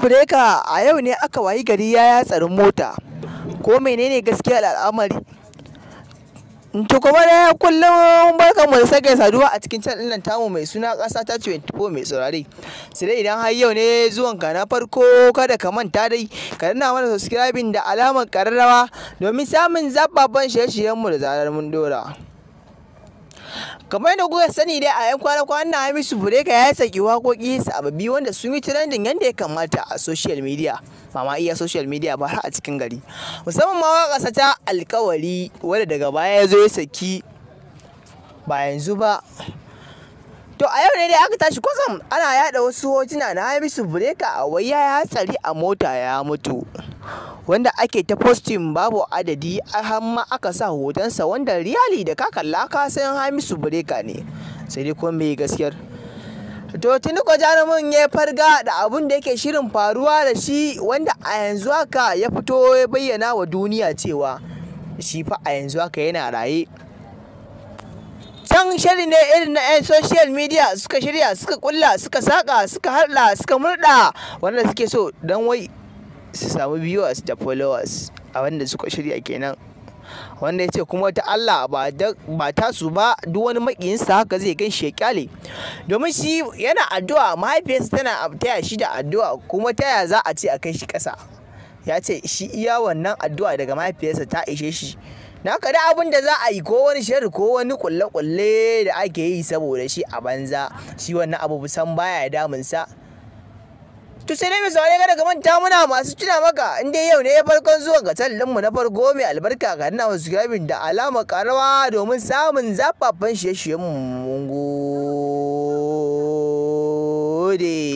bireka a yau ne aka wayi gari ya hatsarin mota ko menene gaskiya al'amari to kuma da kullum barkan mu da sake saduwa a cikin channel nan tamu mai suna kasa ta 24 mai saurare su dai idan har yau ne zuwan ka na farko kada ka manta dai ka danna mana subscribing da alamar kararrawa domin samun zababban shirye-shiryen mu da zarar mun dora kamar da kuka sani dai a 'yan kwana kwana na hamisu bureka ya saki wakoki sababbi wanda sun yi trending yadda ya kamata a social media ba ma iya social media ba a cikin gari musamman ma kasa ta alkawari wadda daga baya ya zo ya saki ba yanzu ba to a yau ne dai aka tashi kwasam ana yada wasu hotuna na hamisu bureka a wai ya hatsari a mota ya mutu wanda ake ta postin babu adadi har ma aka sa hotonsa wanda riyali da kakalla ka san hamisu bureka ne sai dai kuma mai gaskiyar to tunuko jarumin ya farga da abun da yake shirin faruwa da shi wanda a yanzu haka ya fito ya bayyana wa duniya cewa shi fa a yanzu haka yana raye can shirin ne irin na 'yan social media suka shirya suka kulla suka saka suka haɗa, suka murda wanda suke so don wai su samu viewers da followers a wanda suka shirya kenan wanda ya ce kuma ta Allah ba ta su ba duk wani makiyinsa haka zai gan shi kyale domin shi yana addu'a mahaifiyarsa tana taya shi da addu'a kuma taya za a ce a kai shi kasa ya ce shi iya wannan addu'a daga mahaifiyarsa ta ishe shi na ka da abin da za a yi ko wani shari ko wani kulle-kulle da ake yi saboda shi a banza shi wannan abu san baya damunsa to sai dai mai saurare kada daga manta muna masu tuna maka in yau ne farkon zuwa ga mu na farko mai albarka ga na subscribing da alama karawa domin samun zafafan shiye shiyen mu